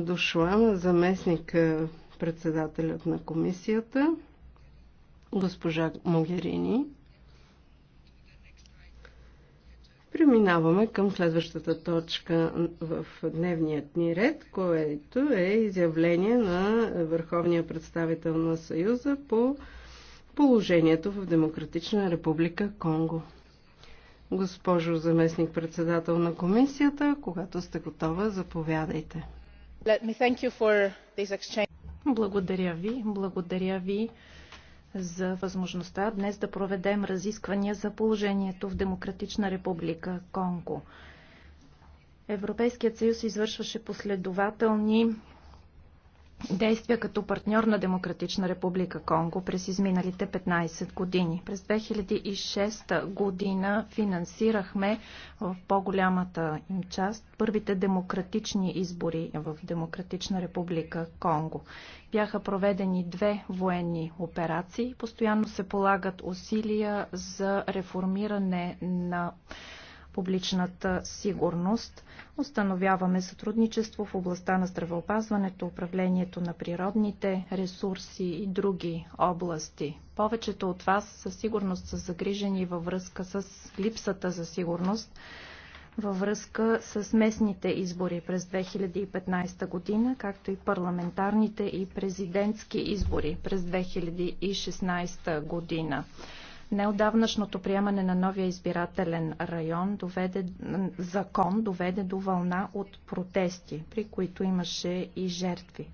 дошла заместник председателят на комисията, госпожа Могерини. Преминаваме към следващата точка в дневният ни ред, което е изявление на Върховния представител на Съюза по положението в Демократична република Конго. Госпожо заместник председател на комисията, когато сте готова, заповядайте. Благодаря ви. Благодаря ви за възможността днес да проведем разисквания за положението в Демократична република Конго. Европейският съюз извършваше последователни действия като партньор на Демократична република Конго през изминалите 15 години. През 2006 година финансирахме в по-голямата им част първите демократични избори в Демократична република Конго. Бяха проведени две военни операции. Постоянно се полагат усилия за реформиране на публичната сигурност. Установяваме сътрудничество в областта на здравеопазването, управлението на природните ресурси и други области. Повечето от вас със сигурност са загрижени във връзка с липсата за сигурност във връзка с местните избори през 2015 година, както и парламентарните и президентски избори през 2016 година. Неодавнашното приемане на новия избирателен район доведе, закон доведе до вълна от протести, при които имаше и жертви.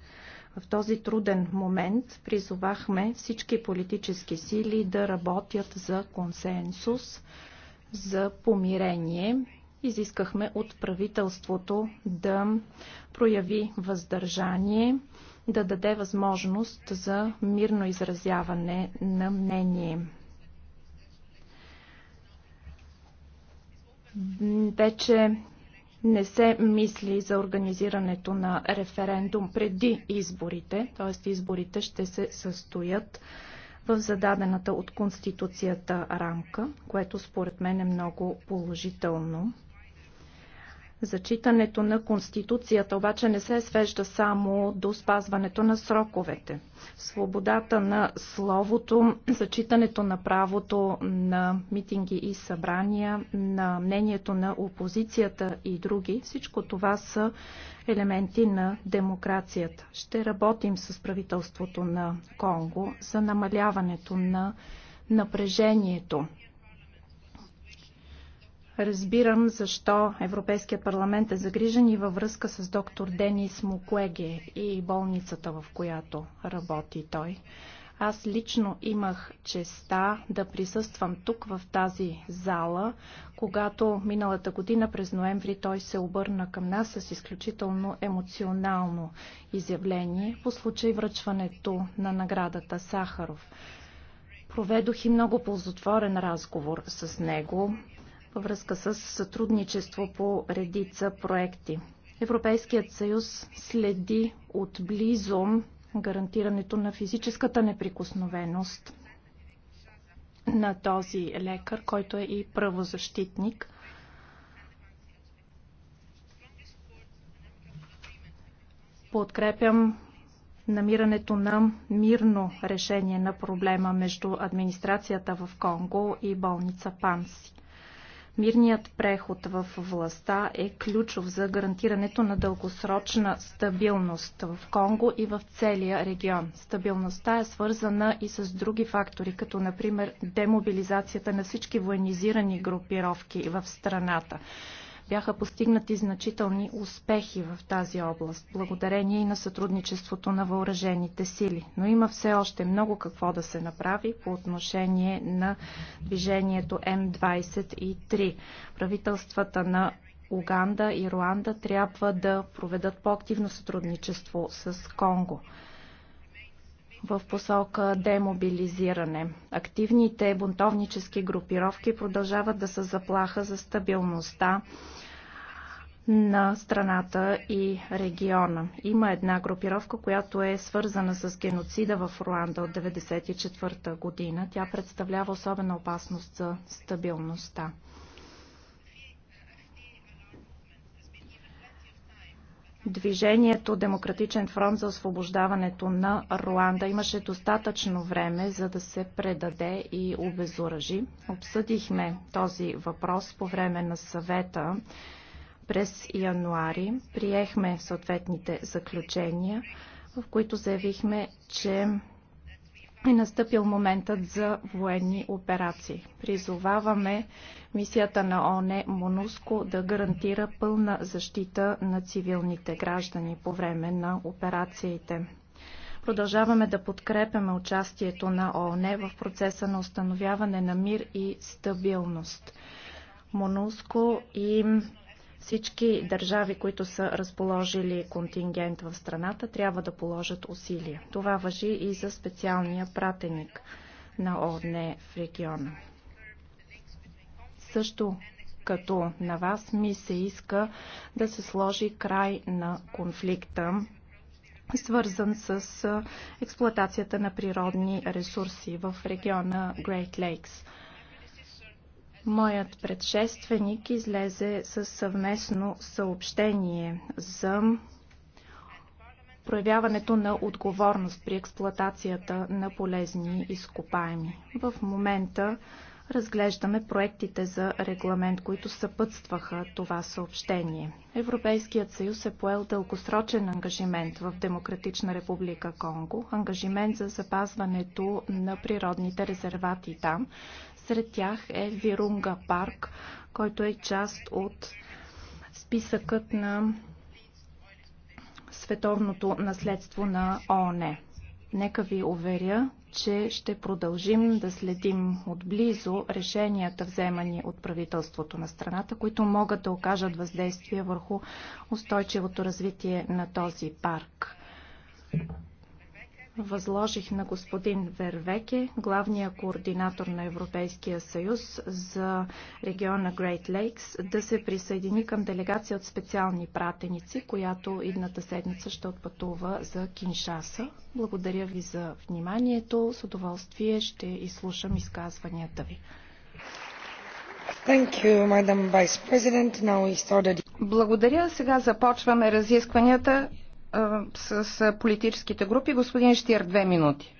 В този труден момент призовахме всички политически сили да работят за консенсус, за помирение. Изискахме от правителството да прояви въздържание, да даде възможност за мирно изразяване на мнение. вече не се мисли за организирането на референдум преди изборите, т.е. изборите ще се състоят в зададената от Конституцията рамка, което според мен е много положително. Зачитането на Конституцията обаче не се свежда само до спазването на сроковете. Свободата на словото, зачитането на правото на митинги и събрания, на мнението на опозицията и други, всичко това са елементи на демокрацията. Ще работим с правителството на Конго за намаляването на напрежението Разбирам защо Европейският парламент е загрижен и във връзка с доктор Денис Мукуеге и болницата, в която работи той. Аз лично имах честа да присъствам тук в тази зала, когато миналата година през ноември той се обърна към нас с изключително емоционално изявление по случай връчването на наградата Сахаров. Проведох и много ползотворен разговор с него във връзка с сътрудничество по редица проекти. Европейският съюз следи отблизо гарантирането на физическата неприкосновеност на този лекар, който е и правозащитник. Подкрепям намирането на мирно решение на проблема между администрацията в Конго и болница Панси. Мирният преход в властта е ключов за гарантирането на дългосрочна стабилност в Конго и в целия регион. Стабилността е свързана и с други фактори, като например демобилизацията на всички военизирани групировки в страната. Бяха постигнати значителни успехи в тази област, благодарение и на сътрудничеството на въоръжените сили. Но има все още много какво да се направи по отношение на движението М23. Правителствата на Уганда и Руанда трябва да проведат по-активно сътрудничество с Конго в посока демобилизиране. Активните бунтовнически групировки продължават да са заплаха за стабилността на страната и региона. Има една групировка, която е свързана с геноцида в Руанда от 1994 година. Тя представлява особена опасност за стабилността. Движението Демократичен фронт за освобождаването на Руанда имаше достатъчно време, за да се предаде и обезоръжи. Обсъдихме този въпрос по време на съвета през януари. Приехме съответните заключения, в които заявихме, че е настъпил моментът за военни операции. Призоваваме мисията на ОНЕ МОНУСКО да гарантира пълна защита на цивилните граждани по време на операциите. Продължаваме да подкрепяме участието на ООН в процеса на установяване на мир и стабилност. МОНУСКО и всички държави, които са разположили контингент в страната, трябва да положат усилия. Това въжи и за специалния пратеник на ООН в региона. Също като на вас ми се иска да се сложи край на конфликта, свързан с експлоатацията на природни ресурси в региона Great Lakes – Моят предшественик излезе със съвместно съобщение за проявяването на отговорност при експлоатацията на полезни изкопаеми. В момента разглеждаме проектите за регламент, които съпътстваха това съобщение. Европейският съюз е поел дългосрочен ангажимент в Демократична република Конго, ангажимент за запазването на природните резервати там, сред тях е Вирунга парк, който е част от списъкът на световното наследство на ООН. Нека ви уверя, че ще продължим да следим отблизо решенията вземани от правителството на страната, които могат да окажат въздействие върху устойчивото развитие на този парк. Възложих на господин Вервеке, главния координатор на Европейския съюз за региона Great Lakes, да се присъедини към делегация от специални пратеници, която идната седмица ще отпътува за Киншаса. Благодаря ви за вниманието. С удоволствие ще изслушам изказванията ви. You, Now we started... Благодаря. Сега започваме разискванията с политическите групи. Господин Штир, две минути.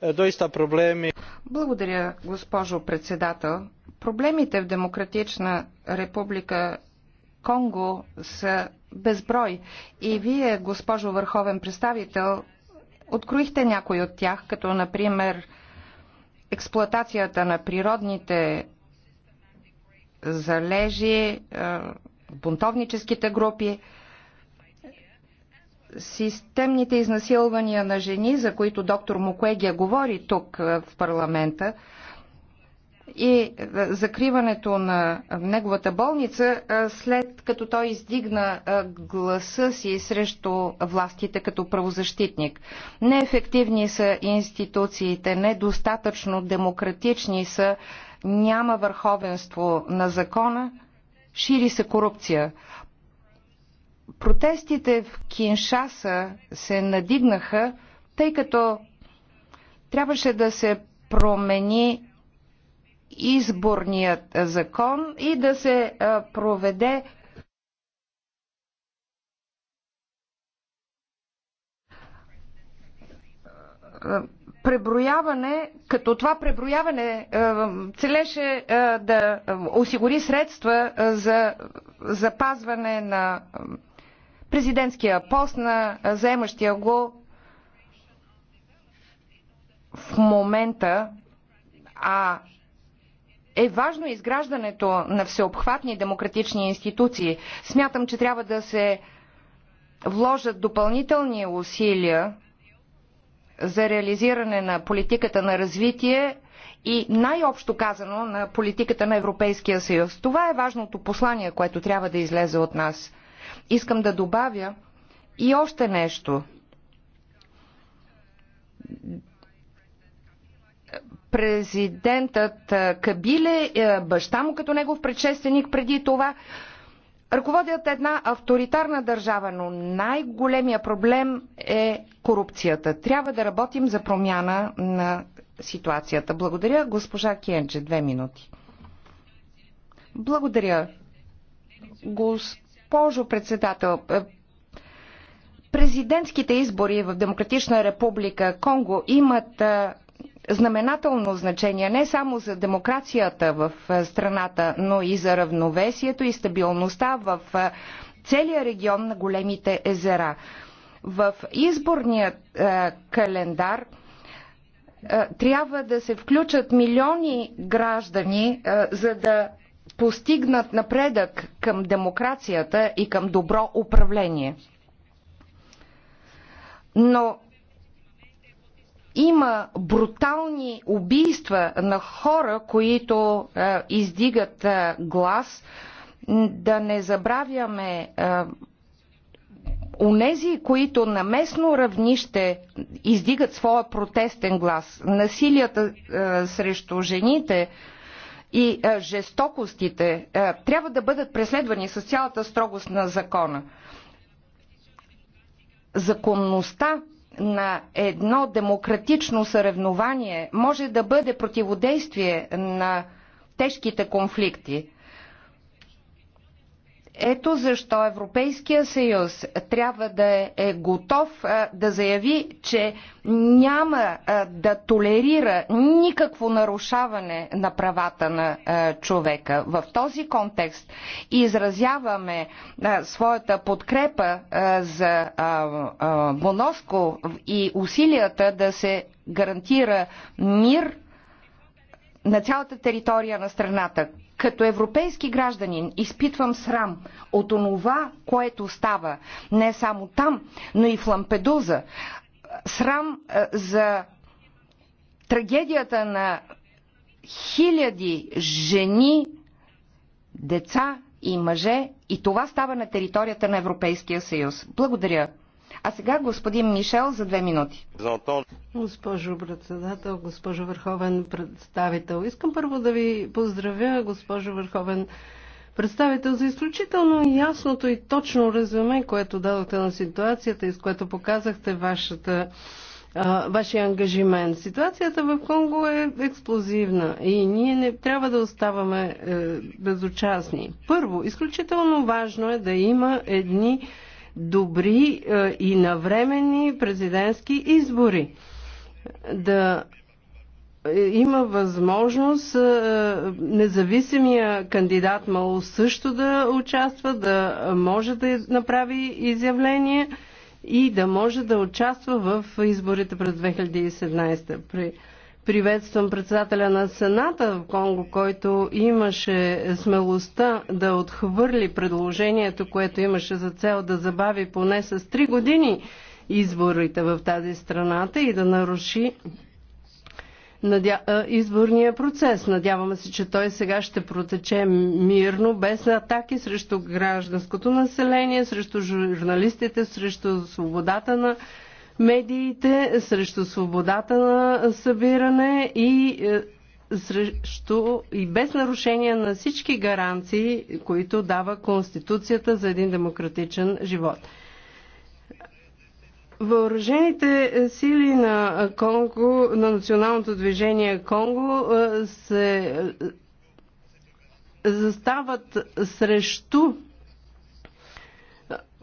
Е, Доиста проблеми. Благодаря, госпожо председател. Проблемите в Демократична република Конго са безброй. И вие, госпожо върховен представител, откроихте някои от тях, като например експлоатацията на природните залежи, бунтовническите групи системните изнасилвания на жени, за които доктор Мукуегия говори тук е, в парламента, и е, закриването на неговата болница, е, след като той издигна гласа си срещу властите като правозащитник. Неефективни са институциите, недостатъчно демократични са, няма върховенство на закона, шири се корупция. Протестите в Киншаса се надигнаха, тъй като трябваше да се промени изборният закон и да се проведе преброяване, като това преброяване целеше да осигури средства за запазване на президентския пост на заемащия го в момента, а е важно изграждането на всеобхватни демократични институции. Смятам, че трябва да се вложат допълнителни усилия за реализиране на политиката на развитие и най-общо казано на политиката на Европейския съюз. Това е важното послание, което трябва да излезе от нас. Искам да добавя и още нещо. Президентът Кабиле, баща му като негов предшественик преди това, ръководят една авторитарна държава, но най-големия проблем е корупцията. Трябва да работим за промяна на ситуацията. Благодаря, госпожа Кенджи. Две минути. Благодаря, госпожа Госпожо председател, е, президентските избори в Демократична република Конго имат е, знаменателно значение не само за демокрацията в е, страната, но и за равновесието и стабилността в целия регион на големите езера. В изборния календар трябва да се включат милиони граждани, за да постигнат напредък към демокрацията и към добро управление. Но има брутални убийства на хора, които е, издигат е, глас. Да не забравяме е, онези, които на местно равнище издигат своя протестен глас. Насилията е, срещу жените е, и е, жестокостите е, трябва да бъдат преследвани с цялата строгост на закона. Законността на едно демократично съревнование може да бъде противодействие на тежките конфликти. Ето защо Европейския съюз трябва да е готов да заяви, че няма да толерира никакво нарушаване на правата на човека. В този контекст изразяваме своята подкрепа за Моноско и усилията да се гарантира мир на цялата територия на страната. Като европейски гражданин изпитвам срам от онова, което става не само там, но и в Лампедуза. Срам е, за трагедията на хиляди жени, деца и мъже и това става на територията на Европейския съюз. Благодаря. А сега господин Мишел за две минути. Госпожо председател, госпожо Върховен представител, искам първо да ви поздравя, госпожо Върховен представител, за изключително ясното и точно резюме, което дадохте на ситуацията и с което показахте вашата вашия ангажимент. Ситуацията в Конго е експлозивна и ние не трябва да оставаме е, безучастни. Първо, изключително важно е да има едни добри е, и навремени президентски избори. Да е, има възможност е, независимия кандидат Мало също да участва, да може да направи изявление и да може да участва в изборите през 2017. При Приветствам председателя на Сената в Конго, който имаше смелостта да отхвърли предложението, което имаше за цел да забави поне с три години изборите в тази страната и да наруши надя... изборния процес. Надяваме се, че той сега ще протече мирно, без атаки срещу гражданското население, срещу журналистите, срещу свободата на медиите, срещу свободата на събиране и е, срещу и без нарушение на всички гаранции, които дава Конституцията за един демократичен живот. Въоръжените сили на Конго, на националното движение Конго е, се е, застават срещу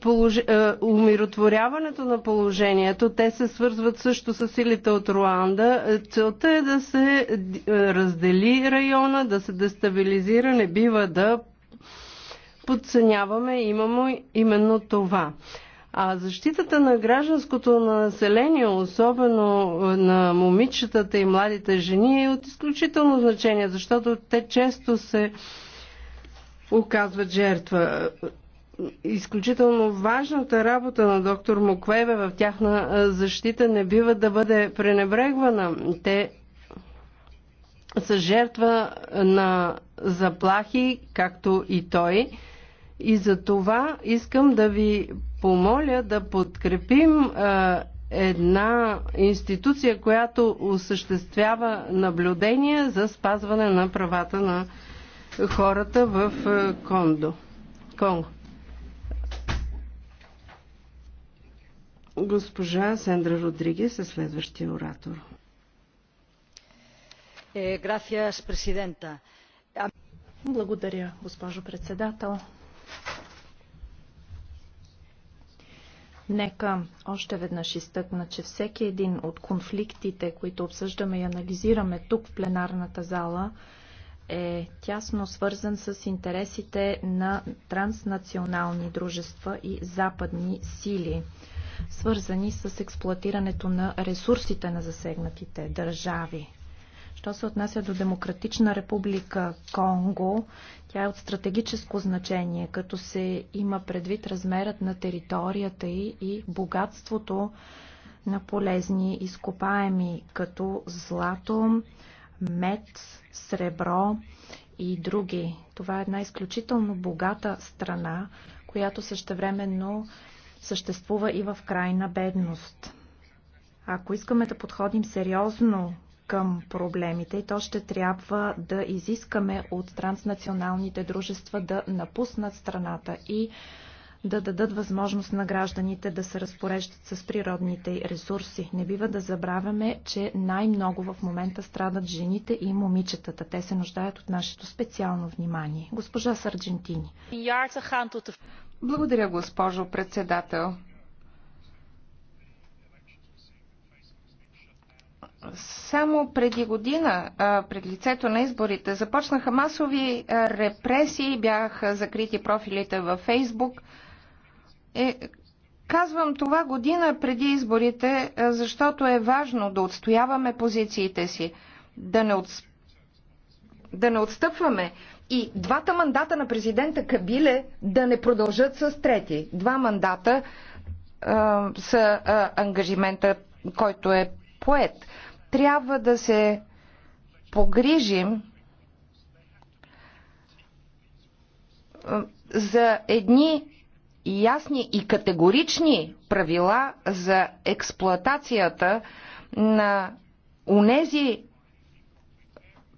Полож... Е, умиротворяването на положението. Те се свързват също с силите от Руанда. Е, целта е да се е, раздели района, да се дестабилизира, не бива да подценяваме имамо именно това. А защитата на гражданското население, особено на момичетата и младите жени, е от изключително значение, защото те често се оказват жертва изключително важната работа на доктор Муквебе в тяхна защита не бива да бъде пренебрегвана. Те са жертва на заплахи, както и той. И за това искам да ви помоля да подкрепим една институция, която осъществява наблюдение за спазване на правата на хората в Кондо. Конго. Госпожа Сандра Родригес е следващия оратор. Е, Благодаря, госпожо председател. Нека още веднъж изтъкна, че всеки един от конфликтите, които обсъждаме и анализираме тук в пленарната зала, е тясно свързан с интересите на транснационални дружества и западни сили свързани с експлоатирането на ресурсите на засегнатите държави. Що се отнася до Демократична република Конго, тя е от стратегическо значение, като се има предвид размерът на територията й и богатството на полезни изкопаеми, като злато, мед, сребро и други. Това е една изключително богата страна, която същевременно съществува и в крайна бедност. Ако искаме да подходим сериозно към проблемите то ще трябва да изискаме от транснационалните дружества да напуснат страната и да дадат възможност на гражданите да се разпореждат с природните ресурси. Не бива да забравяме, че най-много в момента страдат жените и момичетата. Те се нуждаят от нашето специално внимание. Госпожа Сарджентини. Благодаря, госпожо председател. Само преди година, пред лицето на изборите, започнаха масови репресии, бяха закрити профилите във Фейсбук. Е, казвам това година преди изборите, защото е важно да отстояваме позициите си, да не, от... да не отстъпваме и двата мандата на президента Кабиле да не продължат с трети. Два мандата а, са а, ангажимента, който е поет. Трябва да се погрижим а, за едни ясни и категорични правила за експлоатацията на унези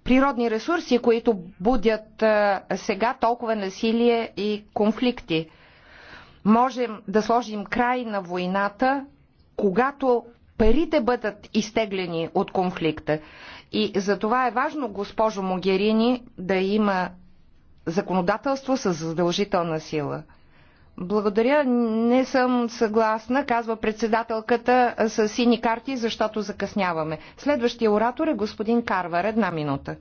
природни ресурси, които будят сега толкова насилие и конфликти. Можем да сложим край на войната, когато парите бъдат изтеглени от конфликта. И за това е важно, госпожо Могерини, да има законодателство с задължителна сила. Благодаря. Не съм съгласна, казва председателката с сини карти, защото закъсняваме. Следващия оратор е господин Карвар. Една минута.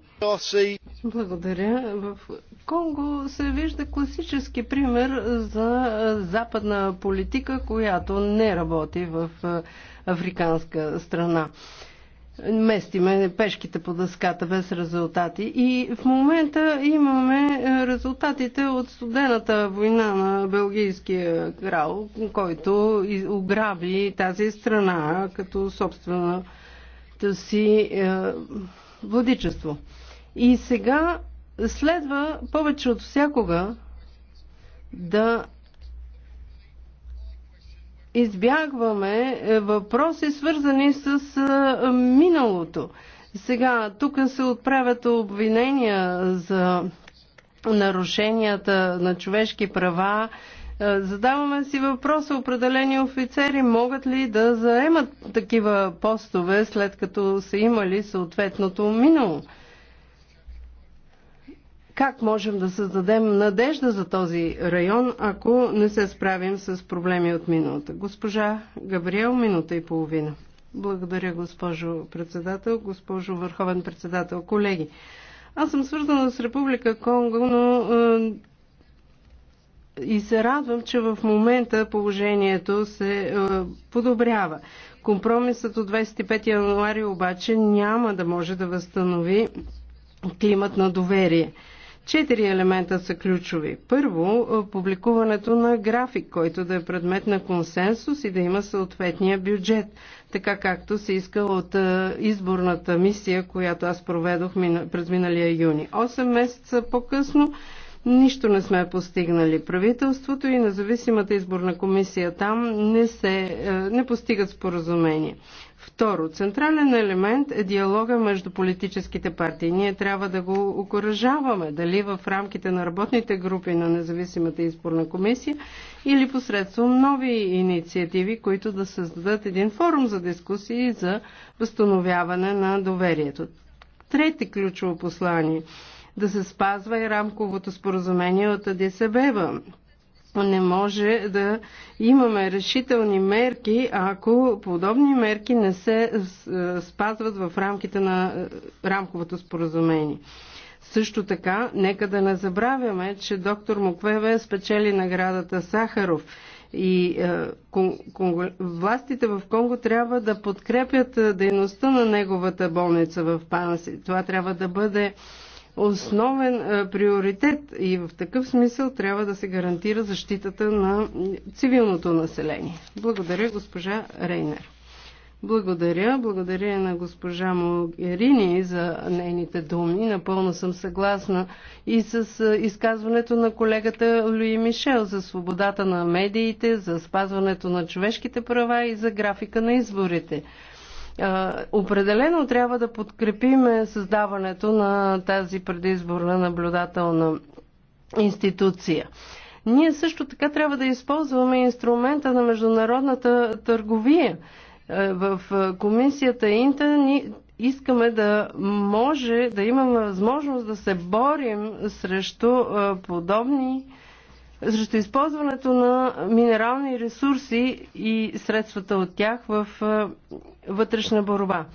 Благодаря. В Конго се вижда класически пример за западна политика, която не работи в африканска страна местиме пешките по дъската без резултати. И в момента имаме е, резултатите от студената война на Белгийския крал, който ограби тази страна като собствената си е, владичество. И сега следва повече от всякога да избягваме е, въпроси, свързани с е, миналото. Сега, тук се отправят обвинения за нарушенията на човешки права. Е, задаваме си въпроса, определени офицери могат ли да заемат такива постове, след като са имали съответното минало. Как можем да създадем надежда за този район, ако не се справим с проблеми от миналата? Госпожа Габриел, минута и половина. Благодаря, госпожо председател, госпожо върховен председател, колеги. Аз съм свързана с Република Конго, но е, и се радвам, че в момента положението се е, подобрява. Компромисът от 25 януари обаче няма да може да възстанови климат на доверие. Четири елемента са ключови. Първо, е, публикуването на график, който да е предмет на консенсус и да има съответния бюджет, така както се иска от е, изборната мисия, която аз проведох през миналия юни. Осем месеца по-късно нищо не сме постигнали. Правителството и независимата изборна комисия там не, се, е, не постигат споразумение. Второ, централен елемент е диалога между политическите партии. Ние трябва да го окоръжаваме, дали в рамките на работните групи на независимата изборна комисия или посредством нови инициативи, които да създадат един форум за дискусии за възстановяване на доверието. Трети ключово послание да се спазва и рамковото споразумение от Адисабеба не може да имаме решителни мерки, ако подобни мерки не се е, спазват в рамките на е, рамковото споразумение. Също така, нека да не забравяме, че доктор Муквеве спечели наградата Сахаров и е, конго, властите в Конго трябва да подкрепят дейността на неговата болница в Панси. Това трябва да бъде основен е, приоритет и в такъв смисъл трябва да се гарантира защитата на цивилното население. Благодаря, госпожа Рейнер. Благодаря. Благодаря на госпожа Могерини за нейните думи. Напълно съм съгласна и с е, изказването на колегата Луи Мишел за свободата на медиите, за спазването на човешките права и за графика на изборите. Определено трябва да подкрепим създаването на тази предизборна наблюдателна институция. Ние също така трябва да използваме инструмента на международната търговия. Е, в е, комисията Инта ни искаме да може да имаме възможност да се борим срещу е, подобни срещу използването на минерални ресурси и средствата от тях в е, вътрешна борба.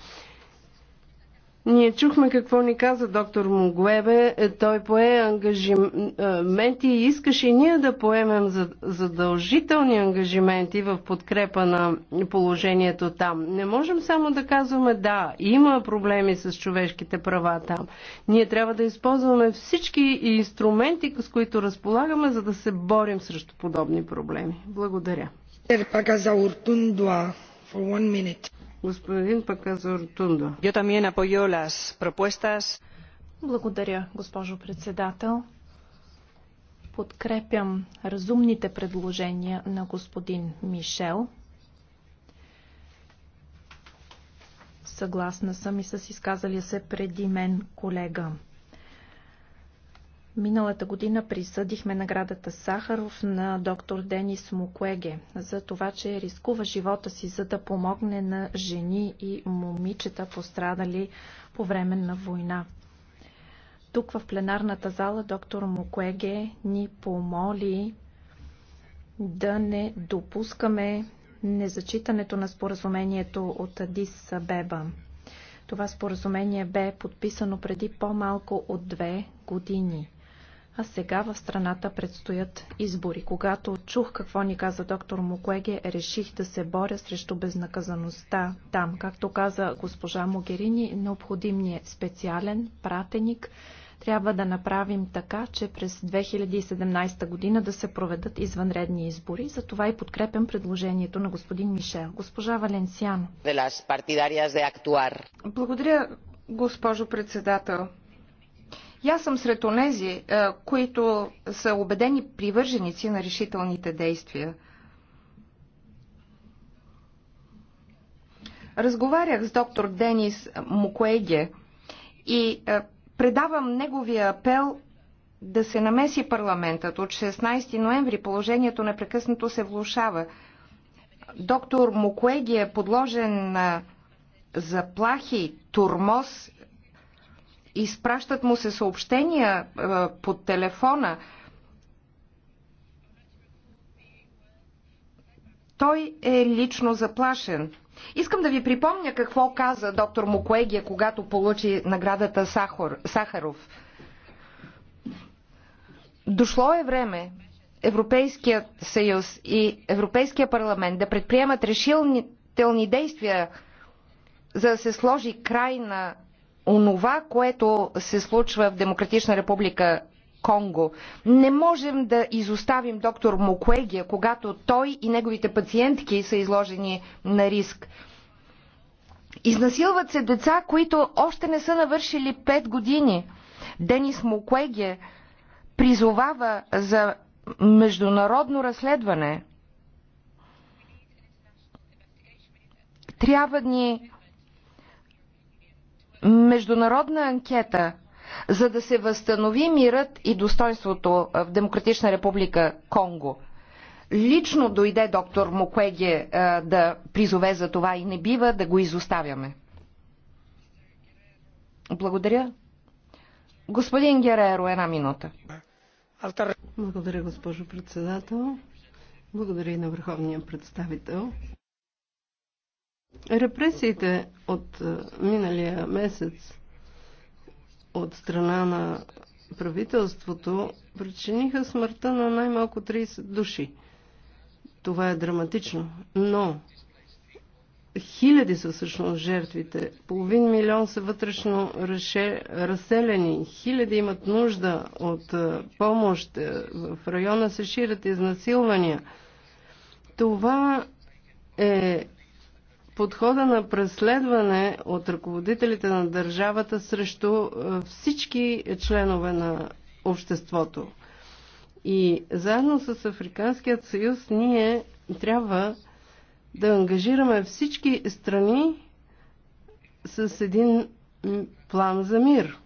Ние чухме какво ни каза доктор Мугуебе. Е, той пое ангажименти е, и искаше и ние да поемем задължителни ангажименти в подкрепа на положението там. Не можем само да казваме да, има проблеми с човешките права там. Ние трябва да използваме всички инструменти, с които разполагаме, за да се борим срещу подобни проблеми. Благодаря. Е, for one minute. Yo también apoyo las propuestas. Благодаря, госпожо председател. Подкрепям разумните предложения на господин Мишел. Съгласна съм и с изказалия се преди мен колега. Миналата година присъдихме наградата Сахаров на доктор Денис Мукуеге за това, че рискува живота си, за да помогне на жени и момичета пострадали по време на война. Тук в пленарната зала доктор Мукуеге ни помоли да не допускаме незачитането на споразумението от Адис Сабеба. Това споразумение бе подписано преди по-малко от две години а сега в страната предстоят избори. Когато чух какво ни каза доктор Мукуеге, реших да се боря срещу безнаказаността там. Както каза госпожа Могерини, необходим ни е специален пратеник. Трябва да направим така, че през 2017 година да се проведат извънредни избори. Затова и подкрепям предложението на господин Мишел. Госпожа Валенсиано. Благодаря, госпожо председател. И аз съм сред онези, е, които са убедени привърженици на решителните действия. Разговарях с доктор Денис Мукуеге и е, предавам неговия апел да се намеси парламентът. От 16 ноември положението непрекъснато се влушава. Доктор Мукуеги е подложен на заплахи, турмоз изпращат му се съобщения е, по телефона. Той е лично заплашен. Искам да ви припомня какво каза доктор Мукуегия, когато получи наградата Сахор, Сахаров. Дошло е време Европейският съюз и Европейския парламент да предприемат решителни действия за да се сложи край на онова, което се случва в Демократична република Конго. Не можем да изоставим доктор Мукуегия, когато той и неговите пациентки са изложени на риск. Изнасилват се деца, които още не са навършили 5 години. Денис Мукуегия призовава за международно разследване. Трябва ни международна анкета, за да се възстанови мирът и достоинството в Демократична република Конго. Лично дойде доктор Мукуеге е, да призове за това и не бива да го изоставяме. Благодаря. Господин Гереро, една минута. Благодаря, госпожо председател. Благодаря и на върховния представител. Репресиите от е, миналия месец от страна на правителството причиниха смъртта на най-малко 30 души. Това е драматично, но хиляди са всъщност жертвите, половин милион са вътрешно разселени, хиляди имат нужда от е, помощ, е, в района се ширят изнасилвания. Това е подхода на преследване от ръководителите на държавата срещу е, всички членове на обществото. И заедно с Африканският съюз ние трябва да ангажираме всички страни с един план за мир,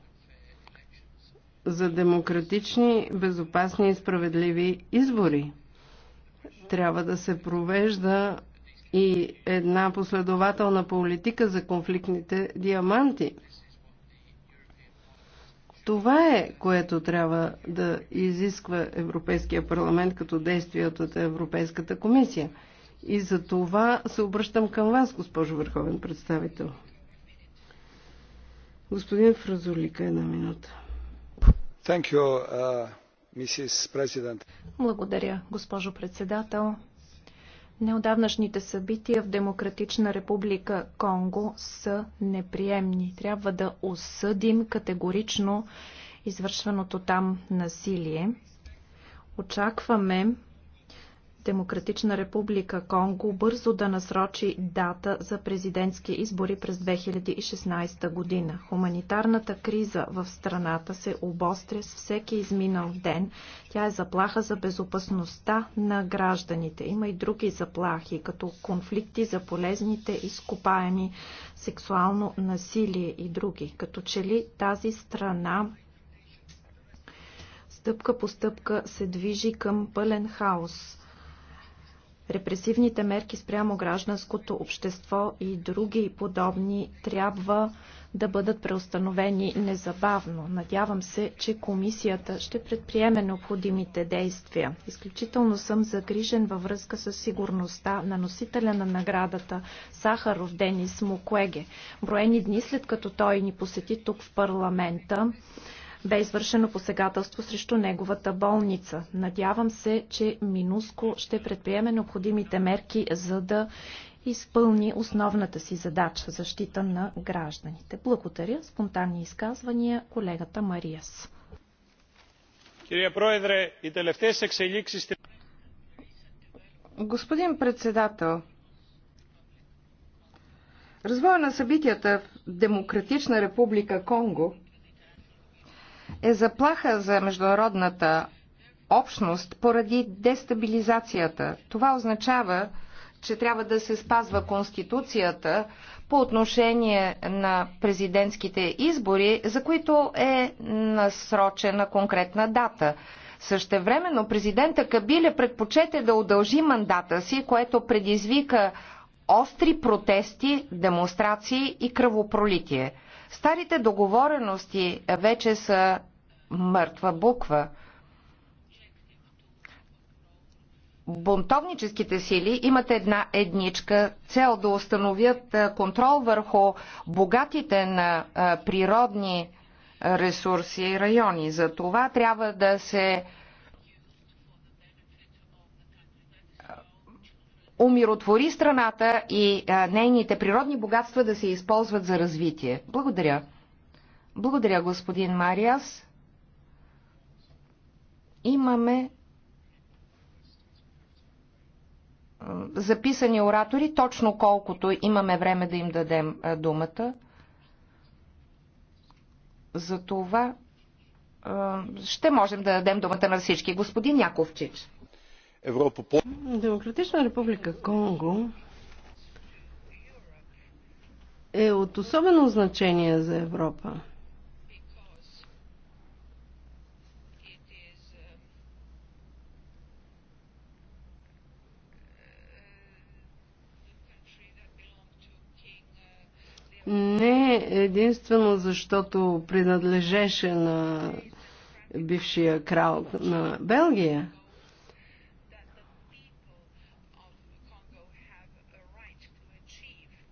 за демократични, безопасни и справедливи избори. Трябва да се провежда и една последователна политика за конфликтните диаманти. Това е, което трябва да изисква Европейския парламент като действие от Европейската комисия. И за това се обръщам към вас, госпожо Върховен представител. Господин Фразолика, една минута. Thank you, uh, Mrs. President. Благодаря, госпожо председател. Неодавнашните събития в Демократична република Конго са неприемни. Трябва да осъдим категорично извършваното там насилие. Очакваме Демократична република Конго бързо да насрочи дата за президентски избори през 2016 година. Хуманитарната криза в страната се обостря с всеки изминал ден. Тя е заплаха за безопасността на гражданите. Има и други заплахи, като конфликти за полезните изкопаеми, сексуално насилие и други. Като че ли тази страна стъпка по стъпка се движи към пълен хаос – репресивните мерки спрямо гражданското общество и други подобни трябва да бъдат преустановени незабавно. Надявам се, че комисията ще предприеме необходимите действия. Изключително съм загрижен във връзка с сигурността на носителя на наградата Сахаров Денис Мукуеге. Броени дни след като той ни посети тук в парламента, бе извършено посегателство срещу неговата болница. Надявам се, че Минуско ще предприеме необходимите мерки, за да изпълни основната си задача – защита на гражданите. Благодаря. Спонтанни изказвания колегата Мариас. Господин председател, развоя на събитията в Демократична република Конго – е заплаха за международната общност поради дестабилизацията. Това означава, че трябва да се спазва Конституцията по отношение на президентските избори, за които е насрочена конкретна дата. Същевременно президента Кабиле предпочете да удължи мандата си, което предизвика остри протести, демонстрации и кръвопролитие. Старите договорености вече са мъртва буква. Бунтовническите сили имат една едничка цел да установят контрол върху богатите на природни ресурси и райони. За това трябва да се умиротвори страната и а, нейните природни богатства да се използват за развитие. Благодаря. Благодаря, господин Мариас. Имаме записани оратори, точно колкото имаме време да им дадем думата. За това ще можем да дадем думата на всички. Господин Яковчич. Европа по... Демократична република Конго е от особено значение за Европа. Не единствено защото принадлежеше на бившия крал на Белгия,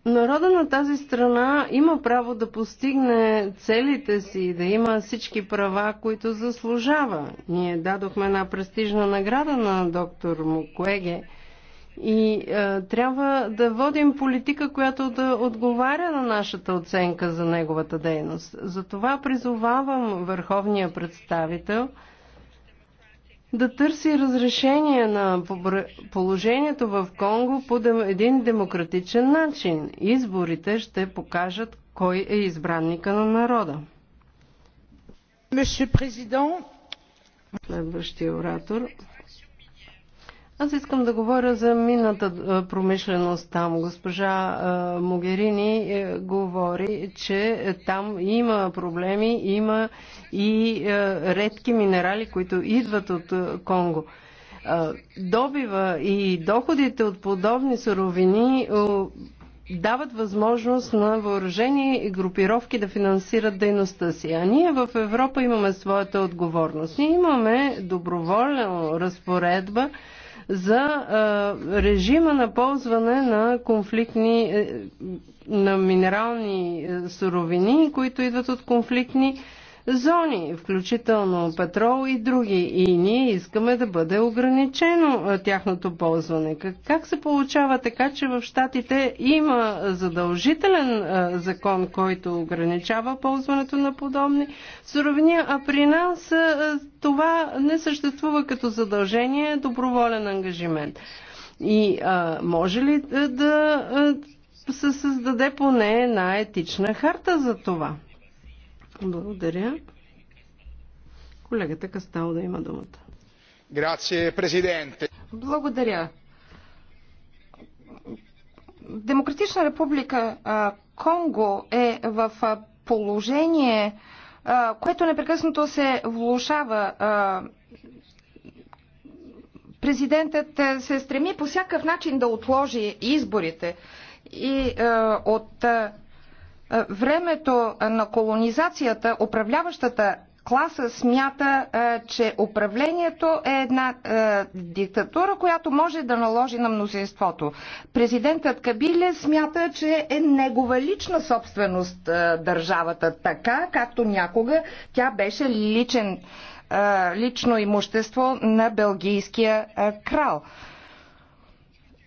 Народа на тази страна има право да постигне целите си, да има всички права, които заслужава. Ние дадохме една престижна награда на доктор Мукуеге и е, трябва да водим политика, която да отговаря на нашата оценка за неговата дейност. Затова призовавам върховния представител – да търси разрешение на положението в Конго по един демократичен начин. Изборите ще покажат кой е избранника на народа. Следващия оратор. Аз искам да говоря за мината е, промишленост там. Госпожа е, Могерини е, говори, че там има проблеми, има и редки минерали, които идват от Конго. Добива и доходите от подобни суровини дават възможност на въоръжени групировки да финансират дейността си. А ние в Европа имаме своята отговорност. Ние имаме доброволна разпоредба, за режима на ползване на конфликтни е, на минерални е, суровини, които идват от конфликтни зони, включително петрол и други. И ние искаме да бъде ограничено тяхното ползване. Как се получава така, че в Штатите има задължителен закон, който ограничава ползването на подобни суровини, а при нас това не съществува като задължение, доброволен ангажимент. И а, може ли да, да се създаде поне една етична харта за това? Благодаря. Колегата Кастал да има думата. Грация, президенте. Благодаря. Демократична република Конго е в положение, което непрекъснато се влушава. Президентът се стреми по всякакъв начин да отложи изборите и от е, времето е, на колонизацията управляващата класа смята, е, че управлението е една диктатура, която може да наложи на мнозинството. Президентът Кабиле смята, че е негова лична собственост държавата, така както някога тя беше личен, лично имущество на белгийския крал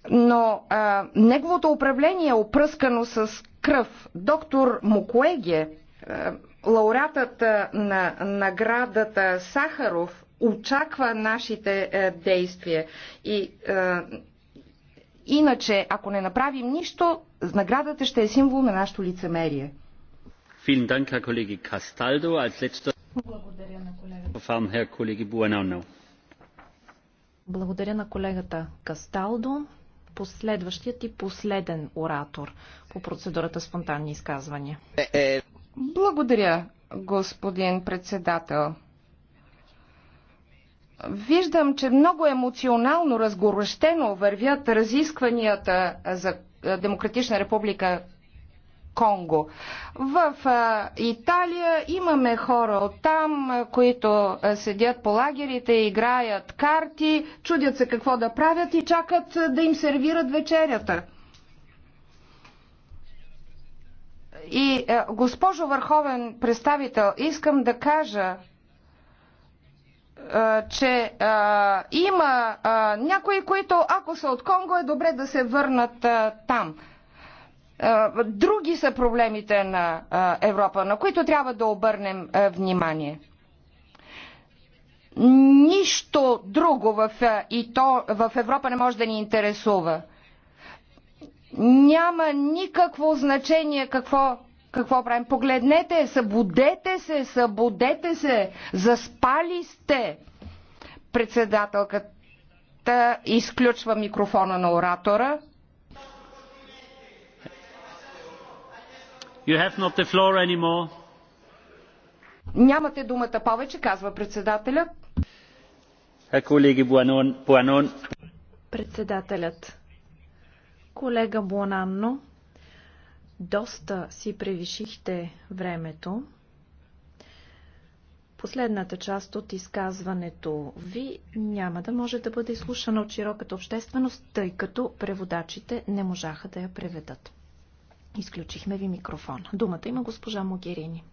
но а, неговото управление е опръскано с кръв. Доктор Мукуеге, лауреатът на наградата Сахаров, очаква нашите е, действия. И е, иначе, ако не направим нищо, наградата ще е символ на нашето лицемерие. Благодаря на колегата. Благодаря на колегата Касталдо последващият и последен оратор по процедурата спонтанни изказвания. Е, е. Благодаря, господин председател. Виждам, че много емоционално разгорещено вървят разискванията за е, Демократична република Конго. В Италия имаме хора от там, които седят по лагерите, играят карти, чудят се какво да правят и чакат да им сервират вечерята. И госпожо Върховен представител, искам да кажа, че а, има а, някои, които ако са от Конго е добре да се върнат а, там. Други са проблемите на Европа, на които трябва да обърнем внимание. Нищо друго в, и то в Европа не може да ни интересува. Няма никакво значение какво какво правим? Погледнете, събудете се, събудете се, заспали сте. Председателката изключва микрофона на оратора. Нямате думата повече, казва председателят. Е, колеги Буанон, Председателят. Колега Буананно, доста си превишихте времето. Последната част от изказването ви няма да може да бъде изслушана от широката общественост, тъй като преводачите не можаха да я преведат. Изключихме ви микрофона. Думата има госпожа Могерини.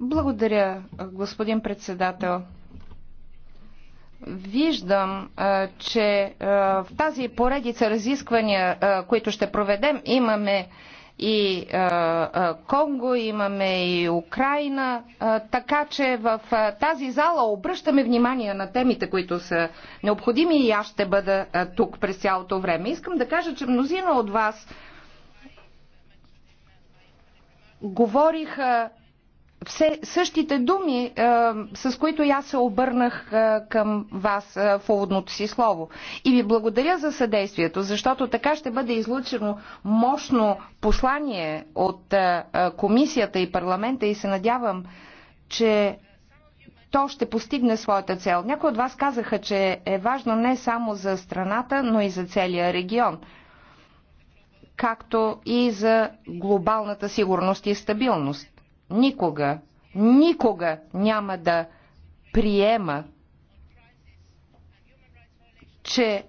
Благодаря, господин председател. Виждам, че в тази поредица разисквания, които ще проведем, имаме и Конго, имаме и Украина, така че в тази зала обръщаме внимание на темите, които са необходими и аз ще бъда тук през цялото време. Искам да кажа, че мнозина от вас говориха все същите думи, е, с които я аз се обърнах е, към вас е, в уводното си слово. И ви благодаря за съдействието, защото така ще бъде излучено мощно послание от комисията и парламента и се надявам, че то ще постигне своята цел. Някои от вас казаха, че е важно не само за страната, но и за целия регион както и за глобалната сигурност и стабилност. Никога, никога няма да приема, че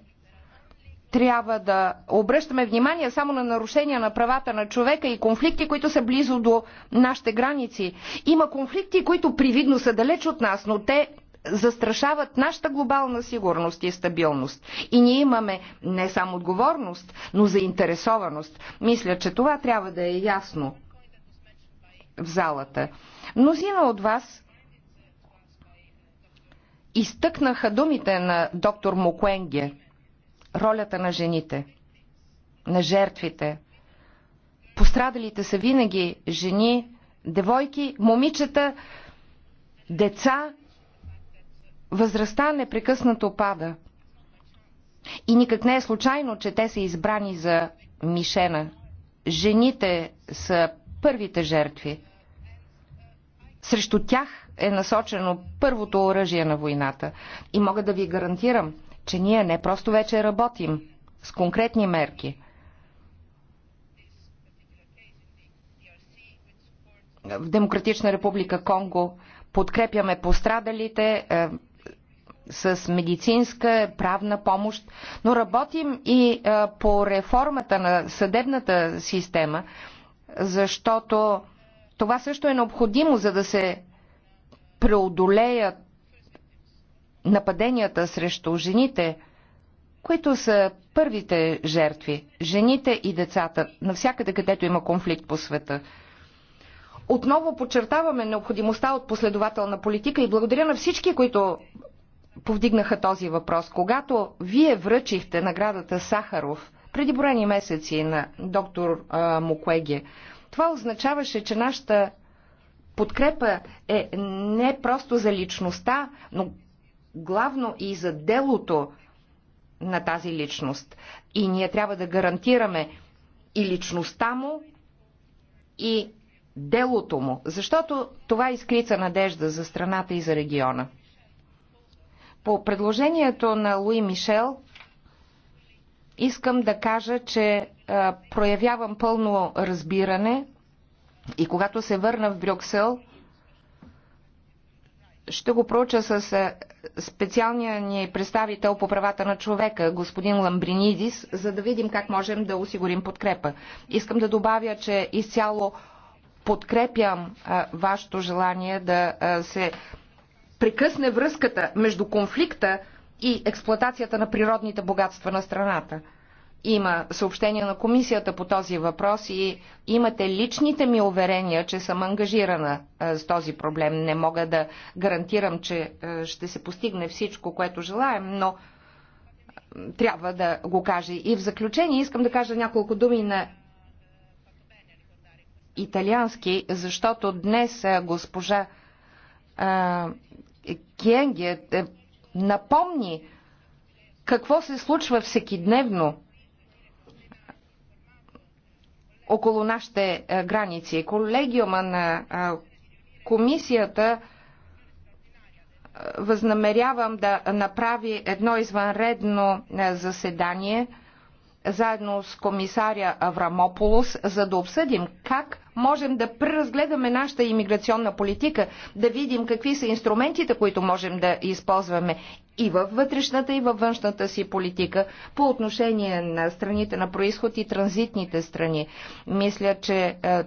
трябва да обръщаме внимание само на нарушения на правата на човека и конфликти, които са близо до нашите граници. Има конфликти, които привидно са далеч от нас, но те застрашават нашата глобална сигурност и стабилност. И ние имаме не само отговорност, но заинтересованост. Мисля, че това трябва да е ясно в залата. Мнозина от вас изтъкнаха думите на доктор Мукуенге. Ролята на жените, на жертвите. Пострадалите са винаги жени, девойки, момичета, деца Възрастта непрекъснато пада. И никак не е случайно, че те са избрани за мишена. Жените са първите жертви. Срещу тях е насочено първото оръжие на войната. И мога да ви гарантирам, че ние не просто вече работим с конкретни мерки. В Демократична република Конго подкрепяме пострадалите, е, с медицинска правна помощ, но работим и е, по реформата на съдебната система, защото това също е необходимо, за да се преодолеят нападенията срещу жените, които са първите жертви жените и децата, навсякъде където има конфликт по света. Отново подчертаваме необходимостта от последователна политика и благодаря на всички, които повдигнаха този въпрос. Когато вие връчихте наградата Сахаров преди броени месеци на доктор Мукуеге, това означаваше, че нашата подкрепа е не просто за личността, но главно и за делото на тази личност. И ние трябва да гарантираме и личността му, и делото му, защото това е изкрица надежда за страната и за региона. По предложението на Луи Мишел искам да кажа, че е, проявявам пълно разбиране и когато се върна в Брюксел, ще го проуча с е, специалния ни представител по правата на човека, господин Ламбринидис, за да видим как можем да осигурим подкрепа. Искам да добавя, че изцяло подкрепям е, вашето желание да се прекъсне връзката между конфликта и експлоатацията на природните богатства на страната. Има съобщение на комисията по този въпрос и имате личните ми уверения, че съм ангажирана е, с този проблем. Не мога да гарантирам, че е, ще се постигне всичко, което желаем, но е, трябва да го кажа. И в заключение искам да кажа няколко думи на италиански, защото днес госпожа Кенге е, напомни какво се случва всеки дневно около нашите е, граници. Колегиума на е, комисията възнамерявам да направи едно извънредно заседание – заедно с комисаря Аврамополос, за да обсъдим как можем да преразгледаме нашата иммиграционна политика, да видим какви са инструментите, които можем да използваме и във вътрешната, и във външната си политика по отношение на страните на происход и транзитните страни. Мисля, че е,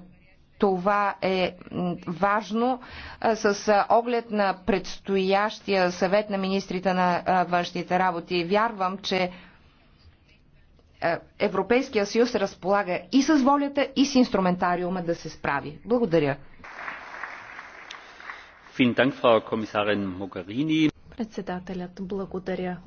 това е важно е, с е, оглед на предстоящия съвет на министрите на външните работи. Вярвам, че е, Европейския съюз разполага и с волята, и с инструментариума да се справи. Благодаря. Председателят благодаря.